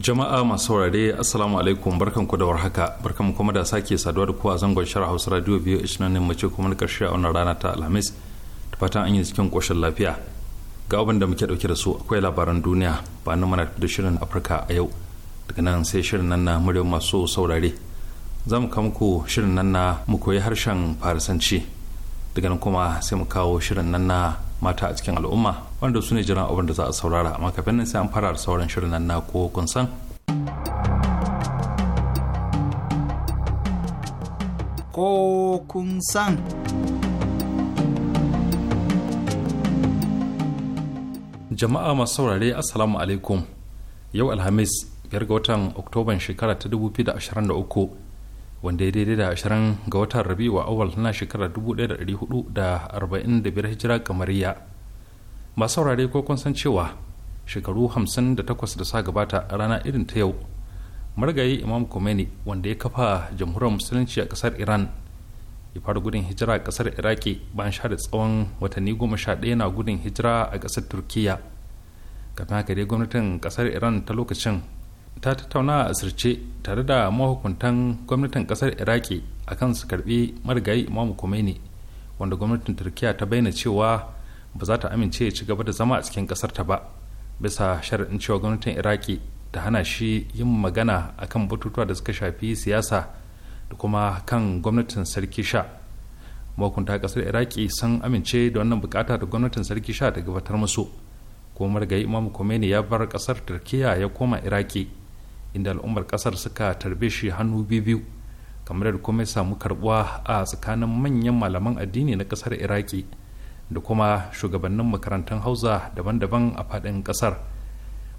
jama'a masu saurare assalamu alaikum barkan ku da warhaka barkan mu kuma da sake saduwa da ku a zangon shara hausa radio biyu ishirin ne mace kuma na karshe a wannan rana ta alhamis da fatan an yi cikin koshin lafiya ga abin da muke dauke da su akwai labaran duniya ba na mana da shirin afirka a yau daga nan sai shirin nan na muryar masu saurare za mu kawo muku shirin nan na mu koyi harshen farisanci daga nan kuma sai mu kawo shirin nan na mata a cikin al'umma wanda su ne jiran abin da za a saurara amma kafin nan sai an fara sauran shirin nan na ko kun san ko kun san jama'a masu saurare assalamu alaikum yau alhamis biyar ga watan oktoban shekara ta 2023 wanda ya daidai da ashirin ga watan rabi'u awal na shekarar 1445 hijira kamariya masu saurare ko kun san cewa shekaru hamsin da da sa gabata a rana irin ta yau margayi imam Khomeini wanda ya kafa jamhuriyar musulunci a kasar iran ya fara gudun hijira a kasar iraki bayan sha da tsawon watanni goma sha ɗaya na gudun hijira a kasar turkiya kafin haka dai gwamnatin kasar iran ta lokacin ta tattauna a asirce tare da mahukuntan gwamnatin kasar iraki akan su karbi marigayi imamu khomeini wanda gwamnatin turkiya ta bayyana cewa ba za ta amince ya ci gaba da zama a cikin kasar ta ba bisa sharaɗin cewa gwamnatin iraki ta hana shi yin magana a kan batutuwa da suka shafi siyasa da kuma kan gwamnatin sarki sha mahukunta kasar iraki sun amince da wannan bukata da gwamnatin sarki sha ta gabatar musu kuma marigayi imamu khomeini ya bar kasar turkiya ya koma iraki inda al'ummar kasar suka tarbe shi hannu biyu kamar da kuma ya samu karbuwa a tsakanin manyan malaman addini na kasar iraki da kuma shugabannin makarantun hausa daban-daban a faɗin kasar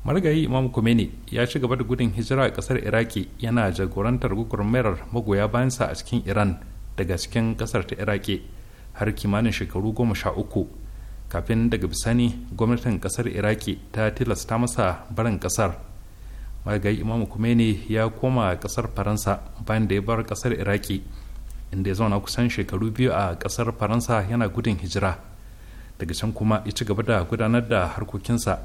marigayi imam kumeni ya ci gaba da gudun hijira a kasar iraki yana jagorantar gwagwarmayar magoya bayansa a cikin iran daga cikin kasar ta iraki har kimanin shekaru goma sha uku kafin daga bisani gwamnatin kasar iraki ta tilasta masa barin kasar magayi imamu kumeni ya koma kasar faransa bayan da ya bar kasar iraki inda ya zauna kusan shekaru biyu a kasar faransa yana gudun hijira daga can kuma ya ci gaba da gudanar da harkokinsa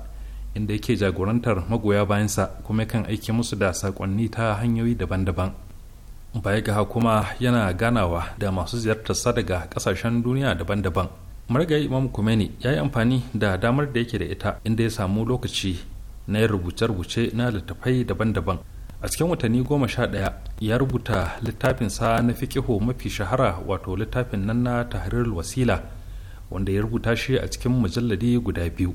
inda yake jagorantar magoya bayansa kuma kan aiki musu da sakonni ta hanyoyi daban-daban baya ga kuma yana ganawa da masu ziyartarsa daga kasashen duniya daban-daban marigayi imam kumeni ya yi amfani da damar da yake da ita inda ya samu lokaci na yin rubuce-rubuce na littattafai daban-daban a cikin watanni goma sha ɗaya ya rubuta littafinsa na fikihu mafi shahara wato littafin nan na tahrirul wasila wanda ya rubuta shi a cikin mujalladi guda biyu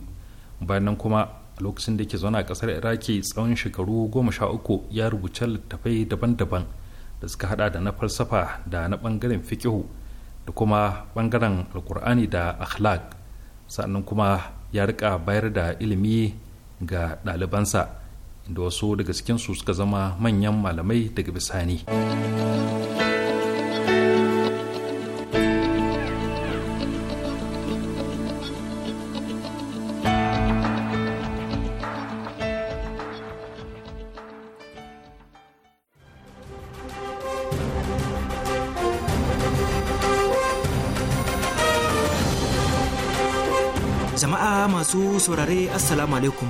bayan nan kuma a lokacin da yake zaune a ƙasar iraki tsawon shekaru goma sha uku ya rubuce littattafai daban-daban da suka haɗa da na falsafa da na ɓangaren fikihu da kuma ɓangaren alkur'ani da akhlaq sannan kuma ya rika bayar da ilimi ga ɗalibansa inda wasu daga cikinsu suka zama manyan malamai daga bisani jama'a masu saurare assalamu alaikum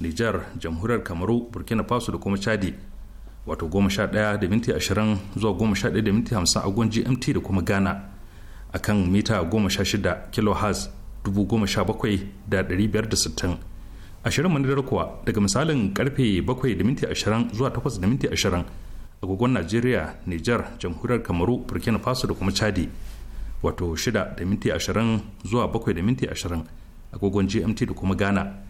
Nijar, jamhuriyar Kamaru, Burkina Faso da kuma Chadi. Wato goma sha ɗaya da minti ashirin zuwa goma sha ɗaya da minti hamsin agon GMT da kuma Ghana a kan mita goma sha shida kilo kilohertz dubu goma sha bakwai da ɗari biyar da sittin. Ashirin manadar kuwa daga misalin karfe bakwai da minti ashirin zuwa takwas da minti ashirin a gogon Najeriya, Nijar, jamhuriyar Kamaru, Burkina Faso da kuma Chadi. Wato shida da minti ashirin zuwa bakwai da minti ashirin a gogon GMT da kuma Ghana.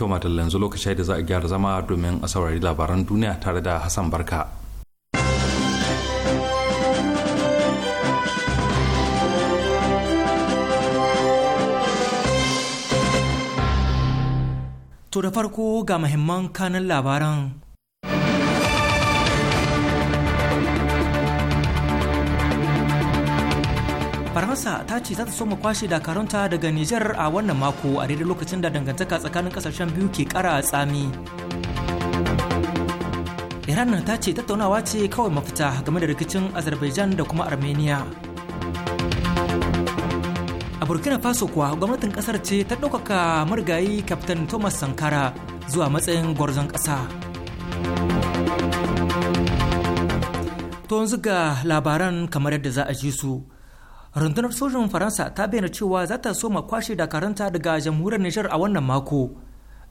To madalla yanzu lokaci da za a gyara zama domin a saurari labaran duniya tare da Hassan Barka. To da farko ga muhimman kanan labaran faransa ta ce za ta so mu kwashe dakarunta daga nijar a wannan mako a daidai lokacin da dangantaka tsakanin kasashen biyu ke kara tsami iran ta ce tattaunawa ce kawai mafita game da rikicin azerbaijan da kuma armenia a burkina faso kuwa gwamnatin kasar ce ta ɗaukaka marigayi kaftan thomas sankara zuwa matsayin gwarzon ƙasa to yanzu labaran kamar yadda za a ji su rundunar sojin faransa ta bayyana cewa za ta ma kwashe dakaranta daga jamhuriyar nijar a wannan mako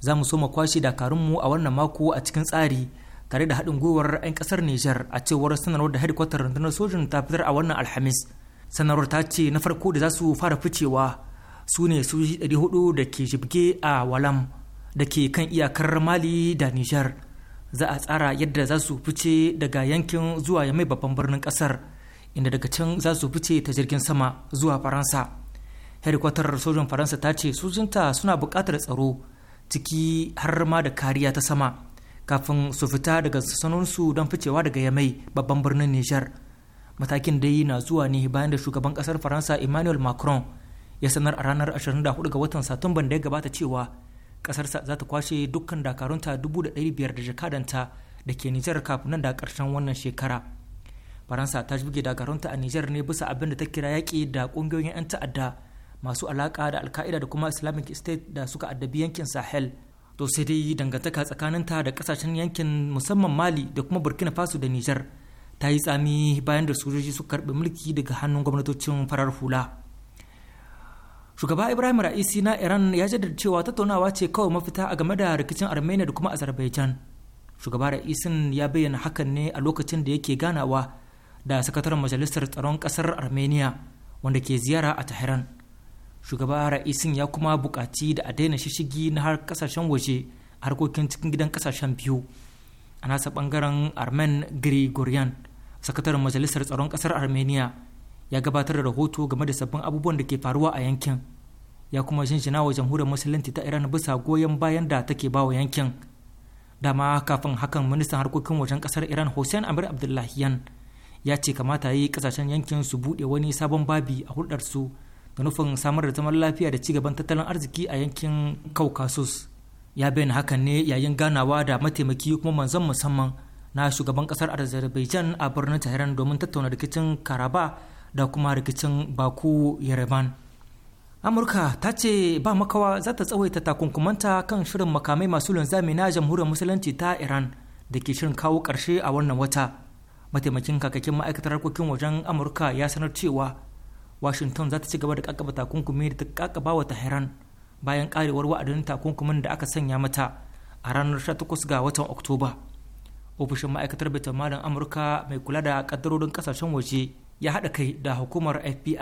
za mu so ma kwashe dakarunmu a wannan mako a cikin tsari tare da haɗin gwiwar 'yan kasar nijar a cewar sanarwar da hedikwatar rundunar sojin ta fitar a wannan alhamis sanarwar ta ce na farko da za su fara ficewa su ne su ɗari hudu da ke jibge a walam da ke kan iyakar mali da nijar za a tsara yadda za su fice daga yankin zuwa ya mai babban birnin ƙasar inda daga can za su fice ta jirgin sama zuwa faransa hedikwatar sojan faransa ta ce sojinta suna buƙatar tsaro ciki har ma da kariya ta sama kafin su fita daga sanonsu don ficewa daga yamai babban birnin nijar matakin dai na zuwa ne bayan da shugaban kasar faransa emmanuel macron ya sanar a ranar 24 ga watan satumban da ya gabata cewa ƙasarsa za ta kwashe dukkan dakarunta 1500 da jakadanta da ke nijar kafin nan da karshen wannan shekara faransa ta buge ta a nijar ne bisa abin da ta kira yaƙi da ƙungiyoyin 'yan ta'adda masu alaƙa da alka'ida da kuma islamic state da suka addabi yankin sahel to sai dai dangantaka tsakaninta da kasashen yankin musamman mali da kuma burkina faso da nijar ta yi tsami bayan da sojoji suka karɓi mulki daga hannun gwamnatocin farar hula shugaba ibrahim ra'isi na iran ya jaddada cewa tattaunawa ce kawai mafita a game da rikicin armenia da kuma azerbaijan shugaba ra'isin ya bayyana hakan ne a lokacin da yake ganawa da sakataren majalisar tsaron kasar armenia wanda ke ziyara a tahiran. shugaba ra'isin ya kuma buƙaci da a daina shishigi na har kasashen waje a harkokin cikin gidan kasashen biyu a nasa bangaren armen grigorian sakataren majalisar tsaron kasar armenia ya gabatar da rahoto game da sabbin abubuwan da ke faruwa a yankin ya kuma jinjina wa jamhuriyar musulunci ta iran bisa goyon bayan da take ba wa yankin dama kafin hakan ministan harkokin wajen kasar iran hussein amir abdullahiyan ya ce kamata yi kasashen yankin su buɗe wani sabon babi a hulɗarsu da nufin samar da zaman lafiya da cigaban tattalin arziki a yankin caucasus ya bayyana hakan ne yayin ganawa da mataimaki kuma manzon musamman na shugaban kasar azerbaijan a birnin tehran domin tattauna rikicin karaba da kuma rikicin baku yerevan amurka ta ce ba makawa za ta tsawaita takunkumanta kan shirin makamai masu linzami na jamhuriyar musulunci ta iran da ke shirin kawo ƙarshe a wannan wata mataimakin kakakin ma'aikatar harkokin wajen amurka ya sanar cewa washington za ta ci gaba da kakaba takunkumi da ta kakaba wa tahiran bayan karewar wa'adin takunkumin da aka sanya mata a ranar 18 ga watan oktoba ofishin ma'aikatar baitul amurka mai kula da kaddarorin kasashen waje ya haɗa kai da hukumar fbi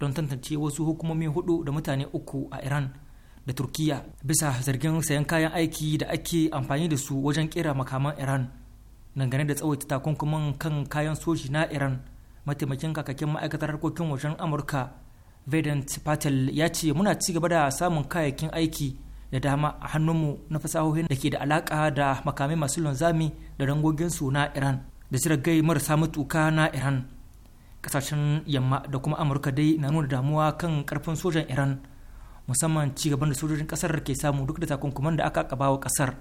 don tantance wasu hukumomi hudu da mutane uku a iran da turkiya bisa zargin sayan kayan aiki da ake amfani da su wajen kera makaman iran dangane da tsawaita takunkumin kan kayan soji na iran mataimakin kakakin ma'aikatar harkokin wajen amurka vedant patel ya ce muna ci gaba da samun kayayyakin aiki da dama a hannunmu na fasahohin da ke da alaka da makamai masu linzami da rangoginsu na iran da jiragai marasa matuka na iran kasashen yamma da kuma amurka dai na nuna damuwa kan karfin sojan iran musamman ci gaban da sojojin kasar ke samu duk da takunkuman da aka kaba wa kasar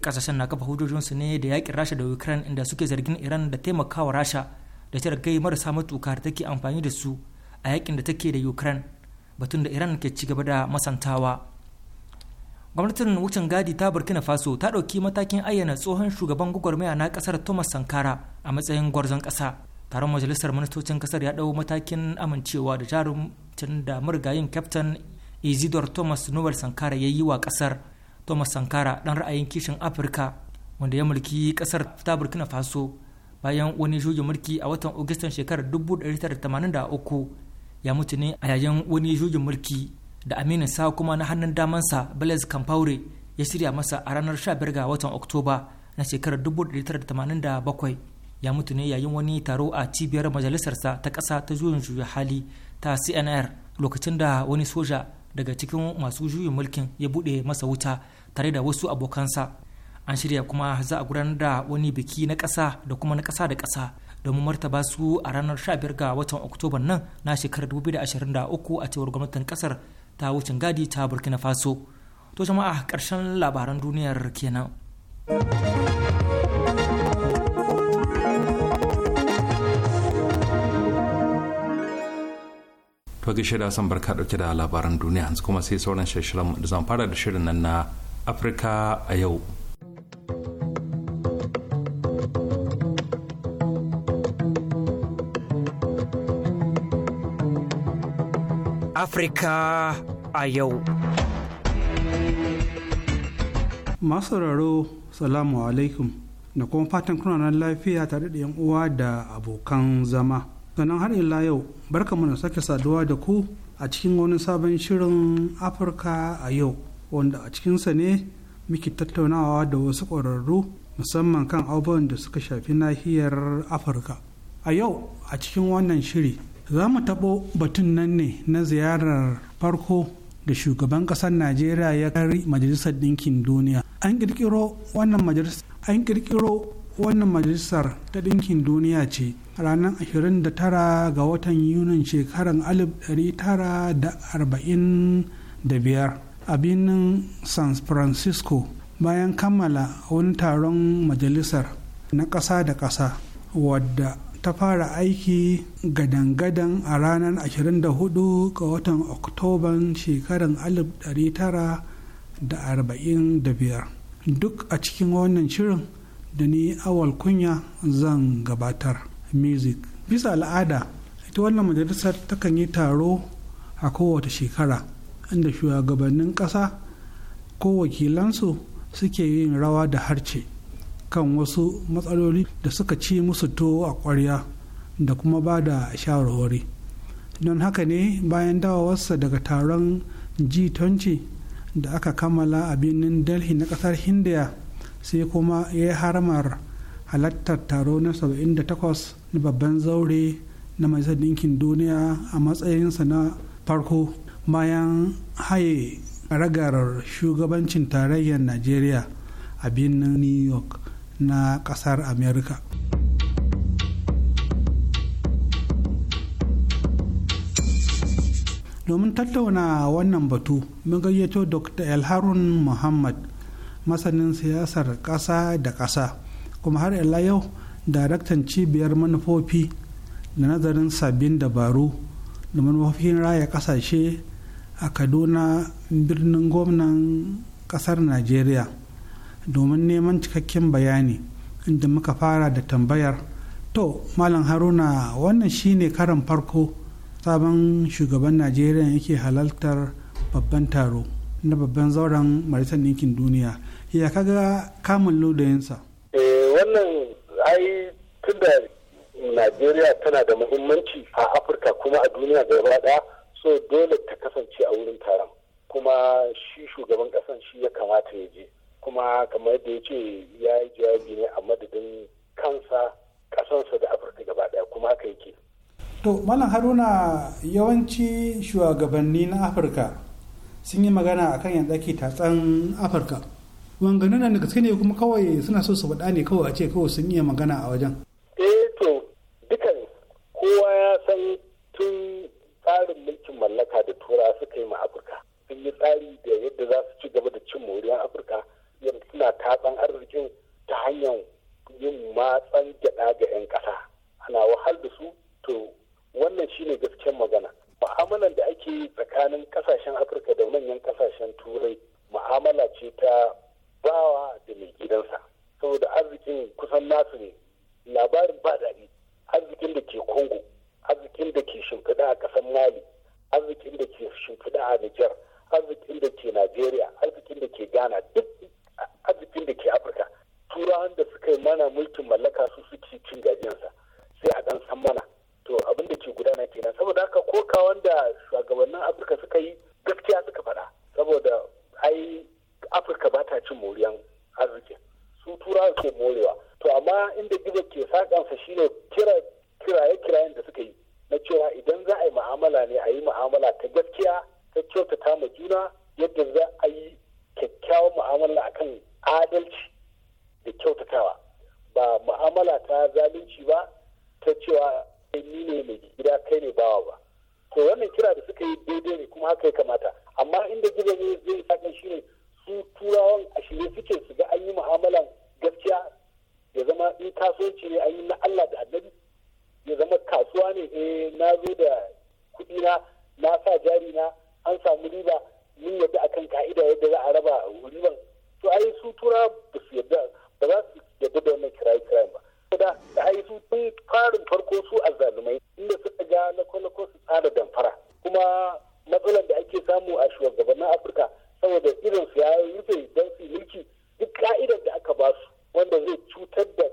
kasashen na kafa hujjojinsu ne da yakin rasha da ukraine inda suke zargin iran da taimakawa rasha da ta marasa matuka da take amfani da su a yakin da take da ukraine batun da iran ke cigaba da masantawa gwamnatin wucin gadi ta burkina faso ta ɗauki matakin ayyana tsohon shugaban gwagwarmaya na kasar thomas sankara a matsayin gwarzon ƙasa taron majalisar ministocin ƙasar ya ɗau matakin amincewa da jarumcin da marigayin captain izidor thomas noel sankara ya yi wa ƙasar thomas sankara dan ra'ayin kishin afirka wanda ya mulki kasar ta burkina faso bayan wani juyin mulki a watan agustan shekarar 1983 ya mutu ne a yayin wani juyin mulki da aminin sa kuma na hannun damansa blaise campaure ya shirya masa a ranar 15 ga watan oktoba na shekarar 1987 ya mutu ne yayin wani taro a cibiyar majalisarsa ta ƙasa ta juyin juya hali ta cnr lokacin da wani soja daga cikin masu juyin mulkin ya buɗe masa wuta tare da wasu abokansa an shirya kuma za a gudanar da wani biki na ƙasa da kuma na ƙasa da ƙasa domin martaba su a ranar 15 ga watan oktoba nan na shekarar 2023 a cewar gwamnatin ƙasar ta wucin gadi ta burkina faso to jama'a ƙarshen labaran duniyar kenan. to da san barka dauke da labaran duniya hanzu kuma sai sauran shirin da zan fara da shirin nan na Afirka a yau. Afirka a yau. Masu raro, Salamu alaikum, na kuma fatan kunanan lafiya tare da uwa da abokan zama. Sannan har ila yau, barkamu na sake saduwa da ku a cikin wani sabon shirin Afirka a yau. wanda a cikinsa ne muke tattaunawa da wasu ƙwararru musamman kan abubuwan da suka shafi nahiyar afirka a yau a cikin wannan shiri za mu taɓo batun nan ne na ziyarar farko da shugaban ƙasar najeriya ya kari majalisar ɗinkin duniya an ƙirƙiro wannan majalisar an ƙirƙiro wannan majalisar ta ɗinkin duniya ce ranar 29 ga watan yunin shekarar 1945 a birnin san francisco bayan kammala wani taron majalisar na ƙasa da ƙasa wadda ta fara aiki gadan-gadan a ranar 24 ga watan oktoban shekarar 1945 duk a cikin wannan shirin da ni awal kunya zan gabatar music bisa al'ada ita wannan majalisar takan yi taro a kowace shekara inda shugabannin ƙasa ko wakilansu suke yin rawa da harce kan wasu matsaloli da suka ci musu to a ƙwarya da kuma ba da shawarwari don haka ne bayan dawowarsa daga taron g20 da aka kammala a birnin delhi na ƙasar hindiya sai kuma ya yi haramar halattar taro na 78 na babban zaure na majalisar ɗinkin duniya a matsayinsa na farko bayan haye ragarar shugabancin tarayyar najeriya a birnin new york na kasar america domin tattauna wannan batu mun gayyato dr elharun muhammad masanin siyasar ƙasa da ƙasa kuma har ila yau daraktan cibiyar manufofi da nazarin sabbin dabaru da manufofin raya ƙasashe a kaduna birnin gwamnan kasar najeriya domin neman cikakken bayani inda muka fara da tambayar to malam haruna wannan shine karan farko sabon shugaban najeriya yake halartar babban taro na babban zauren maritan ɗinkin duniya ya kaga kamun lodayinsa eh, wannan ai tunda najeriya tana da muhimmanci a afirka kuma a duniya gaba ɗaya so dole ta kasance a wurin taron kuma shi shugaban kasan shi ya kamata ya je kuma kamar da ya ce ya yi jawabi ne a madadin kansa kasansa da afirka gaba daya kuma haka yake to malam haruna yawanci shugabanni na afirka sun yi magana akan yadda ake tatsan afirka wanganin nan da gaske ne kuma kawai suna so su faɗa ne kawai a ce kawai sun iya magana a wajen eh to dukan kowa ya san tun tsarin mulkin mallaka da tura suka yi ma afirka sun yi tsari da yadda za su ci gaba da cin moriyar afirka yadda suna tatsan arzikin ta hanyar yin matsan gyada ga 'yan kasa ana wahal da su to wannan shine gasken magana mu'amalan da ake tsakanin kasashen afirka da manyan kasashen turai mu'amala ce ta bawa da mai gidansa saboda arzikin kusan nasu ne labarin ba daɗi arzikin da ke kongo arzikin da ke shimfiɗa a ƙasar mali arzikin da ke shimfiɗa a nijar arzikin da ke najeriya arzikin da ke ghana duk arzikin da ke afirka turawan da suka yi mana mulkin mallaka su suke cin gajiyansa sai a ɗan san mana to abin da ke gudana kenan saboda haka koka wanda shugabannin afirka suka yi gaskiya suka faɗa saboda ai afirka ba ta cin moriyan arzikin su Turawan ke morewa to amma inda gizo ke sakansa shine kira kiraye-kirayen da suka yi na cewa idan za a yi ma'amala ne a yi mu'amala ta gaskiya ta kyautata ma juna yadda za a yi kyakkyawan mu'amala kan adalci da kyautatawa ba ma'amala ta zalunci ba ta cewa eh, ni ne mai gida kai ne bawa ba to wannan kira da suka yi daidai ne kuma haka ya kamata amma inda gida ne zai sakan shi ne su turawan a shirye suke su ga an yi mu'amalan gaskiya ya zama in kasuwanci ne an yi na Allah da annabi ya zama kasuwa ne e na zo da kuɗi na na sa jari na an samu riba mun yadda akan ka'ida yadda za a raba riban to ai su tura ba su yadda ba za su yadda da wannan kirayi kirayen ba kada da ai su tun farin farko su azzalumai inda suka ga na lako su tsara damfara kuma matsalar da ake samu a shugabannin afirka saboda irin su ya rufe don su mulki duk ka'idar da aka ba su wanda zai cutar da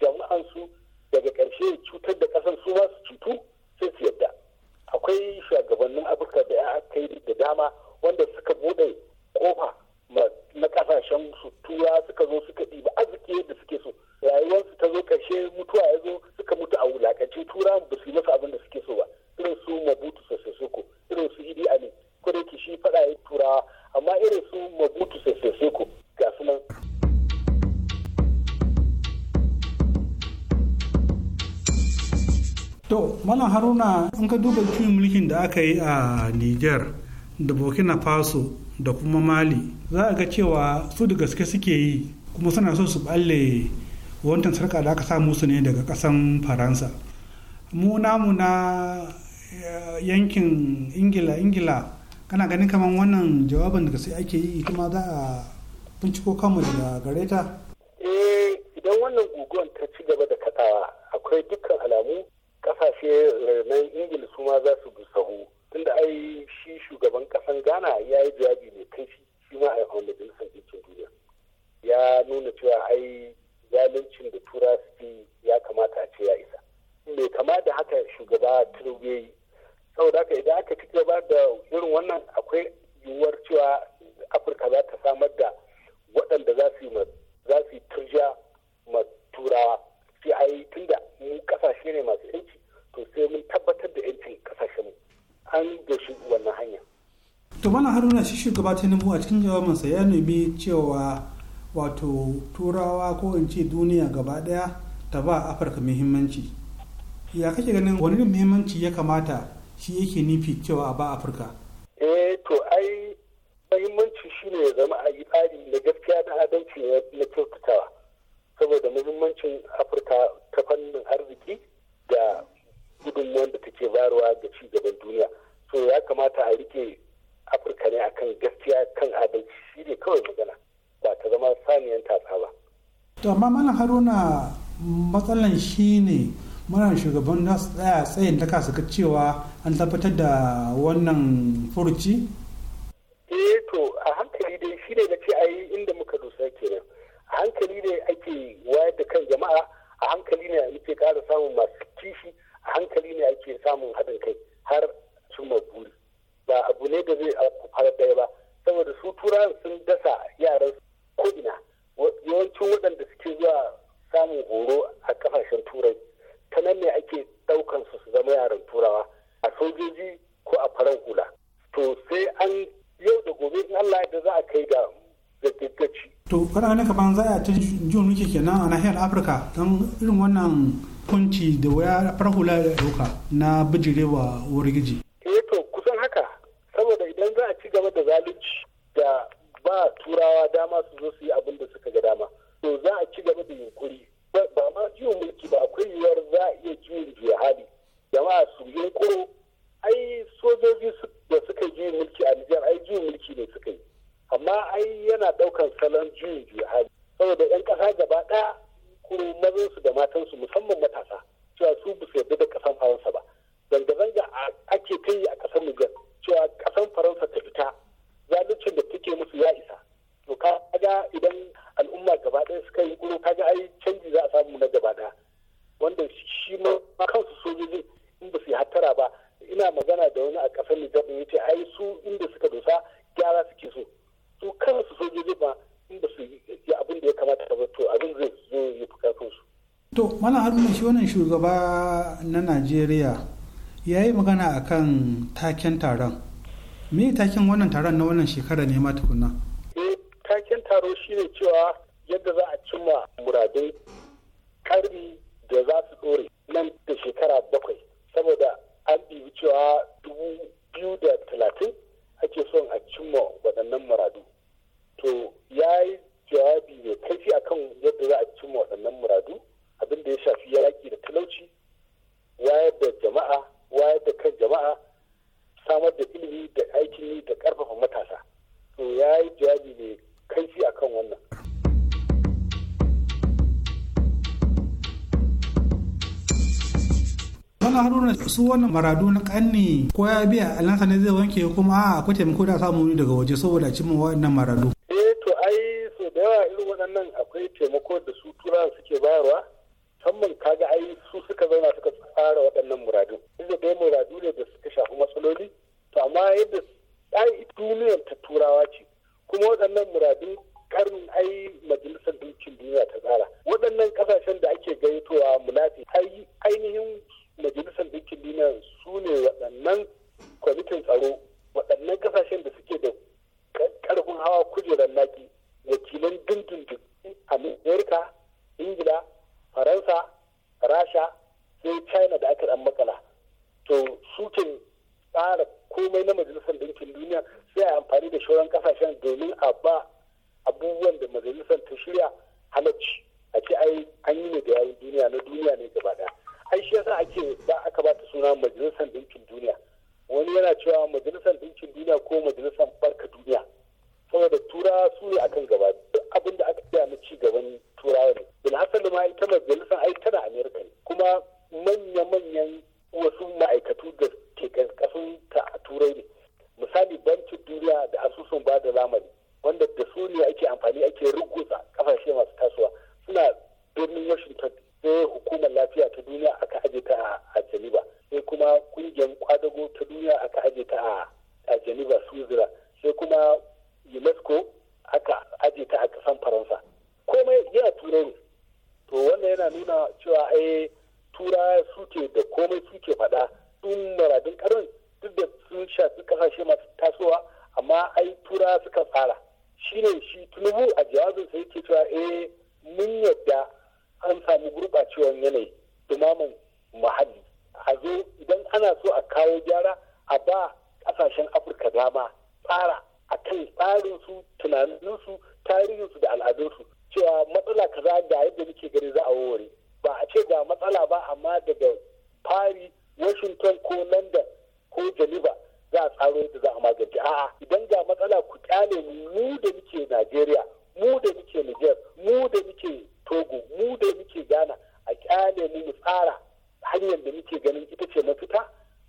jama'an su. daga ƙarshe cutar da ƙasar su ma su cutu sai su yadda akwai shugabannin afirka da ya kai da dama wanda suka bude kofa na kasashen su tura suka zo suka ɗiba arziki yadda suke so rayuwarsu ta zo ƙarshe mutuwa ya zo suka mutu a wulakance tura ba su yi masa abin da suke so ba irin su mabutu sosai irin su idi ali ko da shi faɗa ya turawa amma irin su mabutu sosai ga su nan to mana haruna in ka duba juyin mulkin da aka yi a niger da burkina faso da kuma mali za a ga cewa su da gaske suke yi kuma suna so su balle wantan sarka da aka samu su ne daga kasan faransa mu na eh, yankin ingila ingila kana ganin kamar wannan jawabin da sai ake yi ita za a binciko kanmu daga gare ta eh idan wannan guguwar ta ci gaba da kaɗawa akwai dukkan alamu kasashe na ingila su ma za su sahu tunda ai shi shugaban kasan ghana ya yi jawabi mai kai shi shi ma a majalisar ɗinkin duniya ya nuna cewa ai zaluncin da tura su ya kamata a ce ya isa mai kama da haka shugaba turbe yi saboda haka idan aka ci gaba da irin wannan akwai yiwuwar cewa afirka za ta samar da waɗanda za su yi turja ma turawa sai a yi tunda mu kasashe ne masu yanci to sai mun tabbatar da yancin kasashen an da shi wannan hanya. to mana haruna shi shugaba tinubu a cikin jawabinsa ya nemi cewa wato turawa ko in ce duniya gaba daya ta ba afirka muhimmanci ya kake ganin wani muhimmanci ya kamata shi yake nufi cewa a ba afirka eh to ai muhimmanci shine ya zama a yi tsari na gaskiya da adalci na kyautatawa saboda muhimmancin afirka ta fannin arziki da gudunmuwan da take bayarwa ga ci gaban duniya so ya kamata a rike afirka ne akan gaskiya kan adalci shi ne kawai magana ba ta zama saniyan tasa ba to amma malam haruna matsalan shi ne muna shugaban na tsaya tsayin ta suka cewa an tabbatar da wannan furuci eh to a hankali dai shi ne na ce ai inda muka dusa kenan a hankali ne ake wayar da kan jama'a a hankali ne ake ƙara samun masu kishi a hankali ne ake samun haɗin kai har sun buri ba abu ne da zai auku fara ɗaya ba saboda su turawan sun dasa yaran ko'ina yawancin waɗanda suke zuwa samun horo a kafashen turai ta nan ne ake ɗaukan su su zama yaran turawa a sojoji ko a farar hula to sai an yau da gobe in allah da za a kai ga gaggagaci to kana ne kaman za a tun jin muke kenan a nahiyar afirka don irin wannan kunci da waya farhula da ɗauka na bijirewa wargiji eh to kusan haka saboda idan za a ci gaba da zalunci da ba turawa dama su zo su yi abin da suka ga dama to za a ci gaba da yunkuri ba ma jiwon mulki ba akwai yiwuwar za a iya jiwon jihadi hali jama'a su yunkuro ai sojoji da suka yi mulki a nijar ai jiwon mulki ne suka yi amma ai yana ɗaukar salon juyin jihadi saboda 'yan ƙasa gaba kuru kuma mazansu da matansu musamman matasa cewa su bu su yarda da kasan faransa ba zanga-zanga ake kai a kasan nijar cewa ƙasan faransa ta fita zaluncin da take musu ya isa to kaga idan al'umma gaba daya suka yi guro kaga ai canji za a samu na gaba ɗaya wanda shi ma kansu sojoji in ba su yi hattara ba ina magana da wani a kasan nijar da ya ce ai su inda suka dosa gyara suke so su kansu sojoji ba in ba su yi abin da ya kamata ba to abin zai zo ya fi karfin su. to mana haruna shi wannan shugaba na najeriya ya yi magana a kan taken taron me taken wannan taron na wannan shekara ne ma tukuna. eh taken taro shine cewa yadda za a cimma muradun karni da za su dore nan da shekara bakwai saboda an ɗibi cewa dubu biyu da talatin ake son a cimma waɗannan muradu to ya yi jawabi mai kaifi akan yadda za a cin waɗannan muradu abin da ya shafi yaƙi da talauci wayar da jama'a wayar da kan jama'a samar da ilimi da aikin yi da ƙarfafa matasa to ya yi jawabi mai kaifi akan wannan wani haruna su wannan maradu na kanni ko ya biya alansa ne zai wanke kuma a akwai taimako da samu daga waje saboda cimma waɗannan maradu shekarun duk da sun sha su kasashe masu tasowa amma ai tura suka fara shine shi tunubu a jawabin sai ke cewa eh mun yadda an samu gurɓacewar yanayi dumaman muhalli a zo idan ana so a kawo gyara a ba ƙasashen afirka dama tsara a kan tsarinsu tunaninsu tarihinsu da al'adunsu cewa matsala kaza da yadda muke gani za a warware ba a ce ga matsala ba amma daga fari washington ko london ko geneva za a tsaro yadda za a magance a'a idan ga matsala ku kyale mu da muke najeriya mu da muke niger mu da muke togo mu da muke ghana a kyale mu mu tsara hanyar da muke ganin ita ce mafita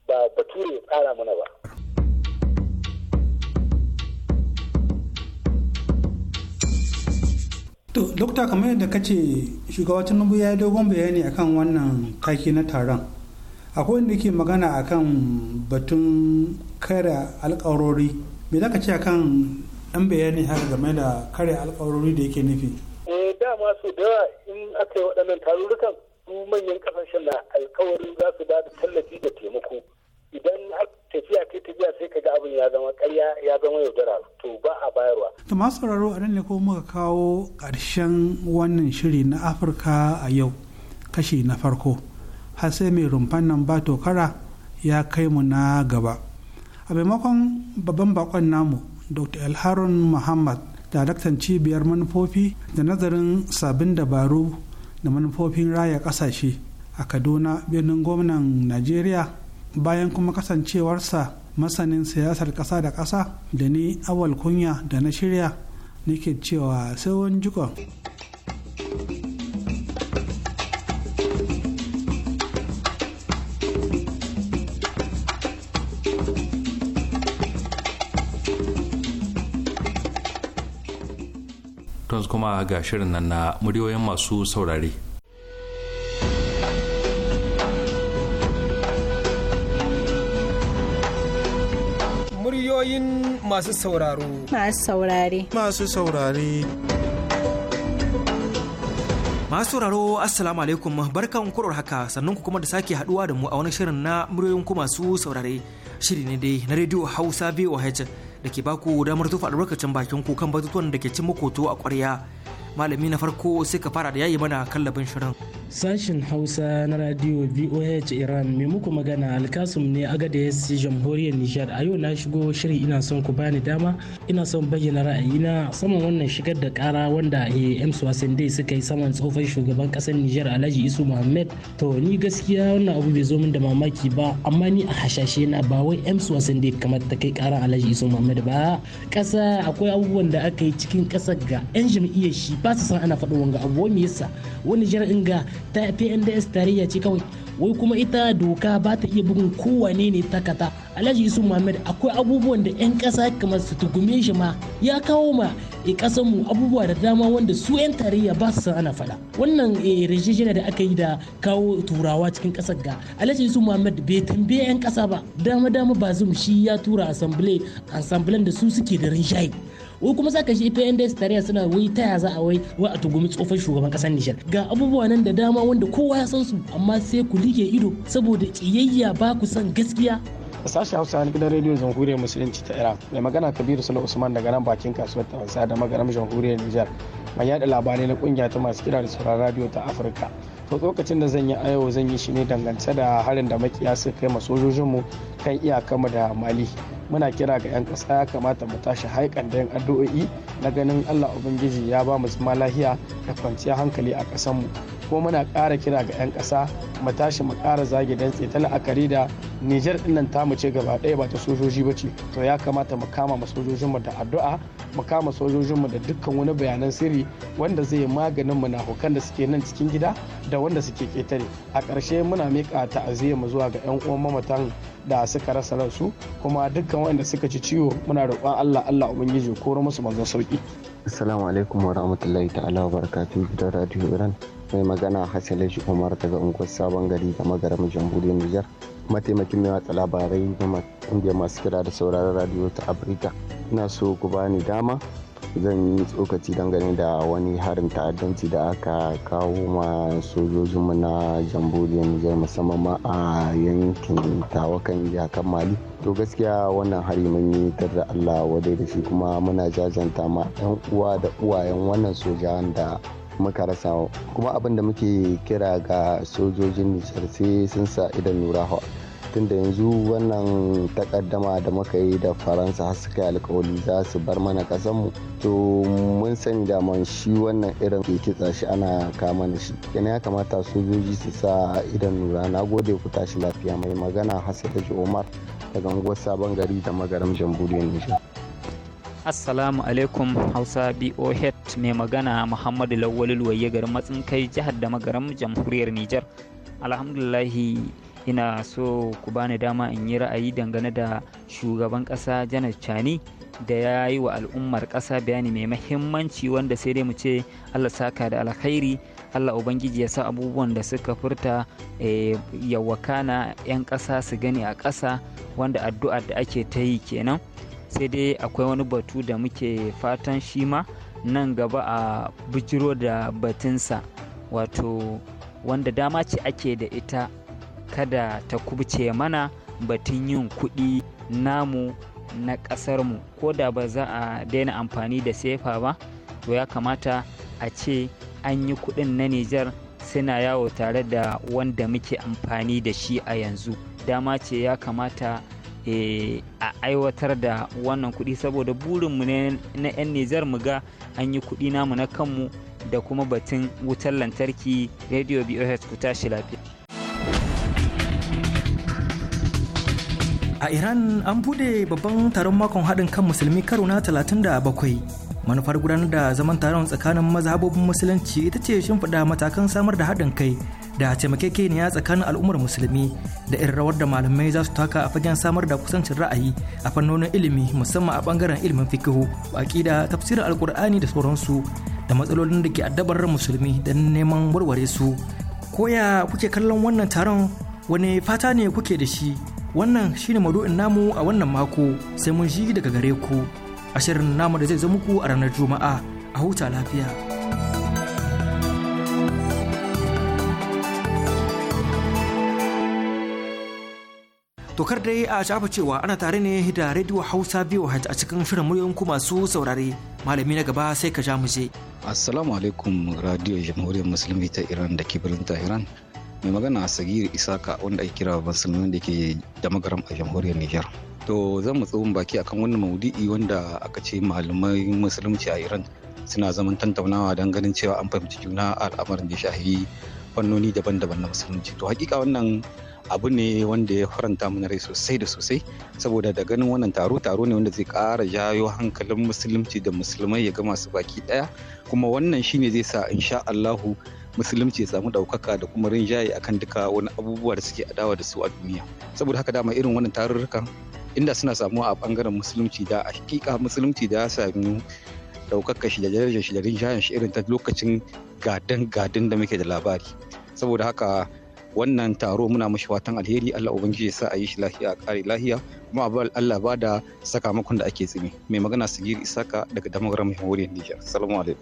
ba bature ya tsara mana ba to dokta kamar yadda kace shugabacin nubu ya yi dogon bayani akan wannan kaki na taron akwai wanda ke magana akan batun kare alkawarori me za ka ce akan dan bayani haka game da kare alkawarori da yake nufi eh dama su da in aka yi waɗannan tarurrukan su manyan kasashen na alkawarin za su ba da tallafi da taimako idan tafiya ke tafiya sai ka ga abin ya zama karya ya zama yaudara to ba a bayarwa. to masu sauraro a nan ne ko muka kawo ƙarshen wannan shiri na afirka a yau kashi na farko har sai mai rumfan nan ba tokara ya kai mu na gaba a maimakon babban bakon namu dr elharun muhammad daraktan cibiyar manufofi da nazarin sabbin dabaru da manufofin raya kasashe a kaduna birnin gwamnan najeriya bayan kuma kasancewarsa masanin siyasar ƙasa da ƙasa da ni awal kunya da na shirya nake cewa sai wani jikon yanzu kuma ga shirin nan na muryoyin masu saurare muryoyin masu sauraro masu saurare masu saurare masu sauraro assalamu alaikum barkan kurar haka sannan ku kuma da sake haduwa da mu a wani shirin na muryoyin ku masu saurare shiri ne dai na rediyo hausa voh da ke baku damar tufa albarkacin bakin ku kan batutuwan da ke cin muku a ƙwarya malami na farko sai ka fara da yayi mana kallabin shirin sashin hausa na radio voh iran mai muku magana alkasum ne a gada si jamhuriyar nijar a yau na shigo shirin ina son ku bani dama ina son bayyana ra'ayina saman wannan shigar da kara wanda am swasinde suka yi saman tsofaffin shugaban kasar nijar alhaji isu muhammad to ni gaskiya wannan abu bai zo min da mamaki ba amma ni a hashashe na ba wai am swasinde kamar ta kai kara alhaji isu muhammad ba kasa akwai abubuwan da aka yi cikin kasar ga yan jam'iyyar shi ba su san ana faɗin wanga abu wani yasa wani jar'in ga ta PNDS tarayya ce kawai wai kuma ita doka ba ta iya bugun kowane ne kata alhaji isu muhammad akwai abubuwan da 'yan ƙasa kamar su tugume shi ma ya kawo ma e mu abubuwa da dama wanda su 'yan tarayya ba su san ana faɗa wannan eh, rijijina da aka yi da kawo turawa cikin ƙasar ga alhaji isu muhammad bai tambaye 'yan ƙasa ba dama dama bazum shi ya tura asambile da su suke da rinjaye wai kuma zaka shi PNDS tarayya suna wai taya za a wai wai a tugumi tsofan shugaban kasar Nijar ga abubuwa nan da dama wanda kowa ya san su amma sai ku lige ido saboda kiyayya ba ku san gaskiya sashen hausa na gidan rediyo jamhuriyar musulunci ta iran mai magana kabiru sula usman daga nan bakin kasuwar tawansa da magaram jamhuriyar nijar mai yada labarai na kungiya ta masu kira da sauran radio ta afirka to lokacin da zan yi a yau zan yi shi ne dangance da harin da makiya suka kai ma sojojinmu kan mu da mali muna kira ga 'yan ƙasa ya kamata mu tashi haikan da 'yan addu'o'i na ganin allah ubangiji ya ba mu zama lahiya da kwanciyar hankali a ƙasanmu ko muna ƙara kira ga 'yan ƙasa mu tashi mu ƙara zage dantse ta la'akari da nijar ɗinnan ta ce gaba ɗaya ba ta sojoji ba ce to ya kamata mu kama ma sojojinmu da addu'a mu kama sojojinmu da dukkan wani bayanan sirri wanda zai yi maganin munafukan da suke nan cikin gida da wanda suke ƙetare a ƙarshe muna miƙa ta'aziyya mu zuwa ga 'yan uwan mamatan da suka rasa ransu kuma dukkan waɗanda suka ci ciwo muna roƙon Allah Allah ubangiji koro musu manzo sauki assalamu alaikum wa rahmatullahi ta'ala wa barakatuh da radio iran mai magana hasale shi umar daga unguwar sabon gari da magaramin jamhuriyar nijar mataimakin mai watsa labarai na ƙungiyar masu kira da sauraron radio ta afirka ina so ku bani dama zan yi tsokaci dangane da wani harin ta'addanci da aka kawo ma sojojinmu na jamhuriyar nijar musamman ma a yankin tawakan iyakan mali to gaskiya wannan hari mun yi da allah wadai da shi kuma muna jajanta ma 'yan uwa da uwayen wannan sojan da muka rasa kuma abin da muke kira ga sojojin nijar sai sun sa idan lura tunda yanzu wannan takaddama da muka yi da faransa har suka yi alkawali za su bar mana mu to mun sani da man shi wannan irin ke kitsa shi ana kama da shi yana ya kamata sojoji su sa idan nura na gode ku tashi lafiya mai magana hasa take omar daga unguwar sabon gari da magaram jamhuriyar nijar Assalamu alaikum Hausa boh mai magana Muhammadu Lawalul Waye garin matsin jihar da magaram jamhuriyar Nijar. alhamdulillahi. ina so ku bani dama in yi ra'ayi dangane da shugaban ƙasa janar cani da ya yi wa al'ummar ƙasa bayani mai mahimmanci wanda sai dai mu ce allah saka da alkhairi allah ubangiji ya sa abubuwan da suka furta eh, ya wakana 'yan ƙasa su gani a ƙasa wanda addu'ar da ake ta yi kenan sai dai akwai wani batu da muke fatan shi ma nan gaba a bijiro da batunsa wato wanda dama ce ake da ita kada ta kubce mana batun yin kuɗi namu na ƙasarmu ko da ba za a daina amfani da sefa ba to ya kamata a ce an yi kuɗin na nijar suna yawo tare da wanda muke amfani da shi a yanzu dama ce ya kamata eh, a aiwatar da wannan kuɗi saboda burinmu ne na 'yan nijar mu ga an yi kuɗi namu na kanmu da kuma batun wutar lantarki radio boh ku tashi lafiya A Iran an buɗe babban taron makon haɗin kan musulmi karo na 37. Manufar gudanar da zaman taron tsakanin mazhabobin musulunci ita ce shimfiɗa matakan samar da haɗin kai da taimakekeniya tsakanin al'ummar musulmi da irin rawar da malamai za su taka a fagen samar da kusancin ra'ayi a fannonin ilimi musamman a bangaren ilimin fikihu aƙida tafsirin alkur'ani da sauransu da matsalolin da ke addabar musulmi da neman warware su koya kuke kallon wannan taron wani fata ne kuke da shi wannan shine maru'in namu a wannan mako sai mun ji daga gare ku a shirin namu da zai zo muku a ranar juma'a a huta lafiya tokar dai a shafa cewa ana tare ne da radio hausa biyu a cikin shirin muryoyin ku masu saurare malami na gaba sai ka ja mu je Assalamu alaikum Radio Jamhuriyar Musulmi ta Iran da ke birnin iran. mai magana a sagiri isaka wanda ake kira basulmi wanda ke da magaram a jamhuriyar niger to zan mu tsohon baki akan wannan maudu'i wanda aka ce malamai musulunci a iran suna zaman tantaunawa don ganin cewa an fahimci juna a al'amarin da shahi fannoni daban-daban na musulunci to hakika wannan abu ne wanda ya faranta mana rai sosai da sosai saboda da ganin wannan taro taro ne wanda zai kara jayo hankalin musulunci da musulmai ya ga masu baki ɗaya kuma wannan shine zai sa insha Allahu musulunci ya samu ɗaukaka da kuma rinjaye akan duka wani abubuwa da suke adawa da su a duniya saboda haka dama irin wannan tarurrukan inda suna samuwa a bangaren musulunci da a hakika musulunci da ya sami ɗaukaka shi da darajar shi da rinjayen shi irin ta lokacin gadan gadan da muke da labari saboda haka wannan taro muna mashi fatan alheri Allah ubangiji ya sa a yi shi lafiya a kare lafiya kuma abu Allah ba da sakamakon da ake tsimi mai magana sigiri isaka daga damar muhimmiyar Nijar salamu alaikum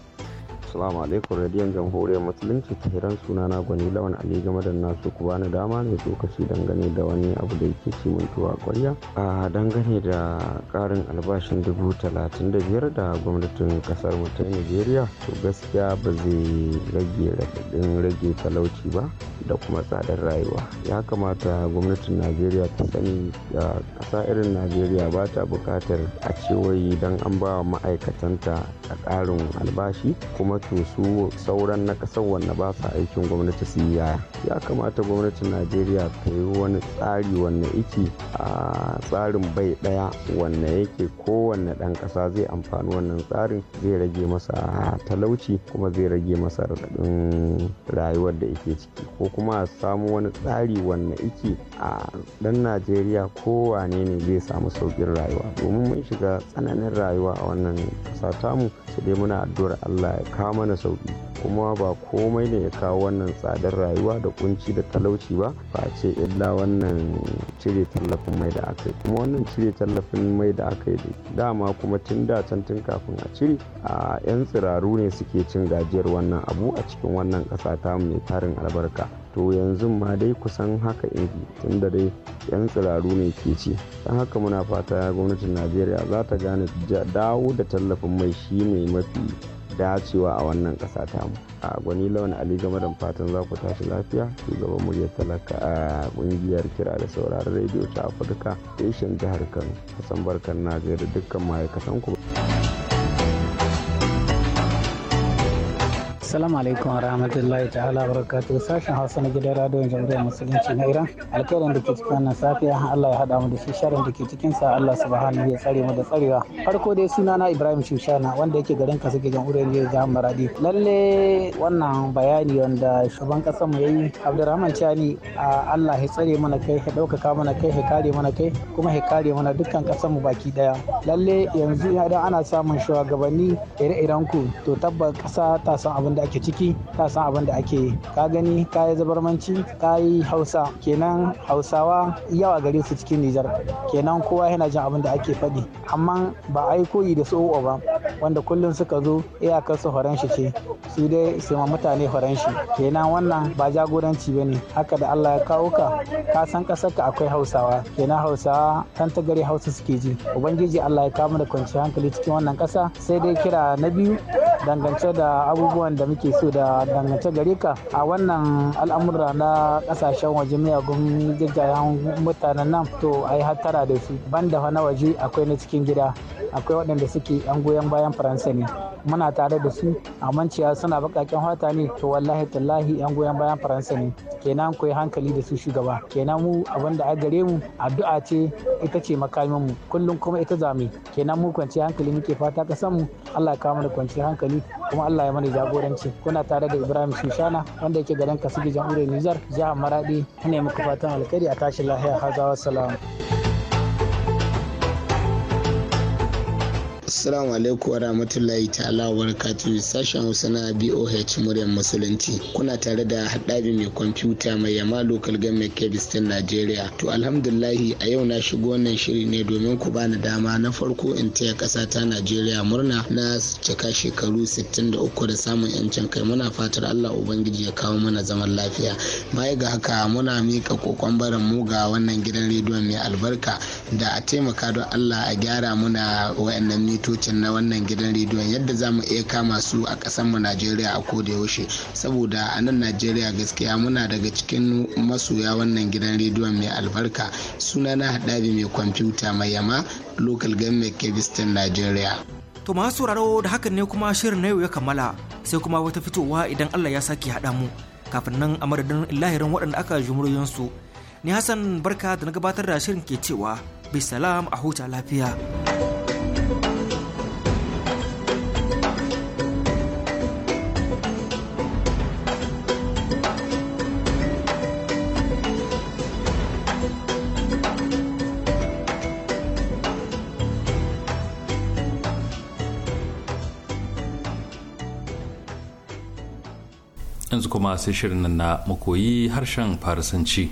Assalamu alaikum radiyon jamhuriyar musulunci ta hiran suna na gwani lawan Ali game da nasu ku bani dama ne lokaci dangane da wani abu da yake ci mun tuwa kwarya. A dangane da karin albashin dubu talatin da biyar da gwamnatin kasar mu ta to gaskiya ba zai rage raɗaɗin rage talauci ba da kuma tsadar rayuwa. Ya kamata gwamnatin nigeria ta sani da ƙasa irin nigeria ba ta buƙatar a ce wai dan an ba wa ma'aikatanta a ƙarin albashi kuma wato su sauran na kasar wanda ba sa aikin gwamnati su yi yaya ya kamata gwamnatin najeriya ta yi wani tsari wanda iki a tsarin bai daya wanda yake kowanne dan kasa zai amfani wannan tsarin zai rage masa talauci kuma zai rage masa raɗaɗin rayuwar da yake ciki ko kuma a samu wani tsari wanda iki a dan najeriya kowane ne zai samu saukin rayuwa domin mun shiga tsananin rayuwa a wannan kasa tamu sai dai muna addu'ar allah ya kama mana sauki kuma ba komai ne ya kawo wannan tsadar rayuwa da kunci da talauci ba ba ce illa wannan cire tallafin mai da aka yi kuma wannan cire tallafin mai da aka yi dama kuma tun da can tun kafin a cire a yan tsiraru ne suke cin gajiyar wannan abu a cikin wannan kasa ta mai tarin albarka to yanzu ma dai kusan haka eh, tun da dai yan tsiraru ne ke ci don haka muna fata gwamnatin najeriya za ta gane dawo da tallafin mai shi ne mafi dacewa a wannan kasa ta mu a gwani lawan ali game da fatan za ku tashi lafiya shugaban muryar talaka a ƙungiyar kira da sauraron rediyo ta afirka station jihar kano hassan barkan na da dukkan ma'aikatan ku. Assalamu alaikum rahmatullahi ta'ala barakatuh sashen Hausa na gidan radiyon jamhuriyar musulunci na Iran alkhairin da ke cikin wannan safiya Allah ya haɗa mu da shi sharin da ke cikin sa Allah subhanahu ya tsare mu da tsarewa farko dai suna na Ibrahim Shushana wanda yake garin Kasa ke jamhuriyar Nijar jihar Maradi lalle wannan bayani wanda shugaban kasar mu yayi Abdurrahman Chani Allah ya tsare mana kai ya ɗaukaka mana kai ya kare mana kai kuma ya kare mana dukkan kasar mu baki daya lalle yanzu idan ana samun shugabanni ire-iren ku to tabbas kasa ta san abin da ake ciki ka san abin da ake yi ka gani ka yi zabarmanci ka yi hausa kenan hausawa yawa gare su cikin nijar kenan kowa yana jin abin da ake faɗi amma ba a yi koyi da su ba wanda kullum suka zo iyakar su horon ce su dai su ma mutane horon shi kenan wannan ba jagoranci ba ne haka da allah ya kawo ka ka san kasar ka akwai hausawa kenan hausawa tan ta gari hausa suke ji ubangiji allah ya kawo da kwanciyar hankali cikin wannan ƙasa sai dai kira na biyu dangance da abubuwan da muke so da dangance gare ka a wannan al'amura na kasashen waje miyagun jajjayen mutanen nan to a yi hattara da su banda na waje akwai na cikin gida akwai waɗanda suke yan goyon bayan faransa ne muna tare da su a manciya suna baƙaƙen hata ne to wallahi tallahi yan goyon bayan faransa ne kenan ku hankali da su shugaba kenan mu abin da a gare mu addu'a ce ita ce makamin mu kullum kuma ita zame kenan mu kwanci hankali muke fata ka mu Allah ya kawo mana kwanci hankali hankali kuma Allah ya mani jagoranci kuna tare da Ibrahim Shushana wanda yake garin Kasigi jamhuriyar Nijar jihar Maradi ne muku fatan alkhairi a tashi lahiya hazawa salama. Assalamu alaikum wa rahmatullahi ta'ala wa barakatu sashen Hausa na BOH muryar musulunci. Kuna tare da haɗabi mai kwamfuta mai yama local government kebis Najeriya. To alhamdulahi a yau na shigo wannan shiri ne domin ku bani dama na farko in taya ƙasa ta Najeriya murna na cika shekaru sittin da uku da samun yancin kai muna fatar Allah Ubangiji ya kawo mana zaman lafiya. Baya ga haka muna mika kokon barin mu ga wannan gidan rediyon mai albarka da a taimaka don Allah a gyara muna wa'annan tocin na wannan gidan rediyon yadda za mu iya kama su a mu najeriya a ko da yaushe saboda a nan najeriya gaskiya muna daga cikin masoya wannan gidan rediyon mai albarka suna sunana haɗabi mai kwamfuta mai yama local government kebistan najeriya to masu sauraro da hakan ne kuma shirin na yau ya kammala sai kuma wata fitowa idan allah ya sake haɗa mu kafin nan a madadin lahirin waɗanda aka su ni hassan barka da na gabatar da shirin ke cewa bisalam a huta lafiya. yanzu kuma sai shirin nan na makoyi harshen farisanci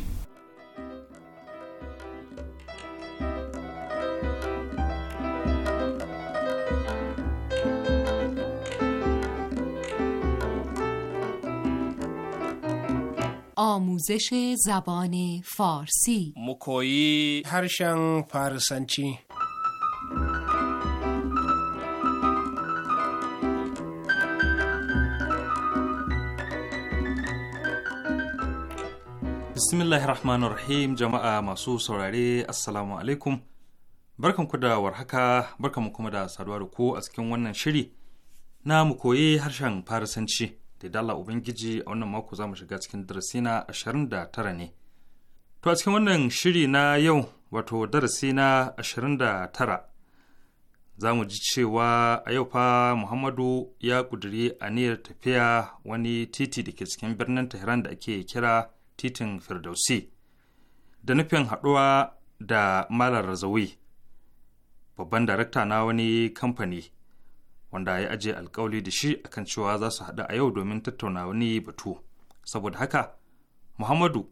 آموزش زبان فارسی مکویی هرشن فارسنچی Bismillahir Rahmanir Rahim jama'a masu saurare Assalamu alaikum. Barkan ku da warhaka, barkan mu kuma da saduwa da ku a cikin wannan shiri na mu koyi harshen Farisanci. Da dala Ubangiji a wannan mako za mu shiga cikin darasi na 29 ne. To a cikin wannan shiri na yau wato darasi na 29 za mu ji cewa a yau fa Muhammadu ya ƙudiri aniyar tafiya wani titi dake cikin birnin Tehran da ake kira titin firdausi da nufin haɗuwa da malar razawi babban darakta na wani kamfani wanda ya ajiye alkawali da shi akan cewa za su haɗu a yau domin tattauna wani batu saboda haka muhammadu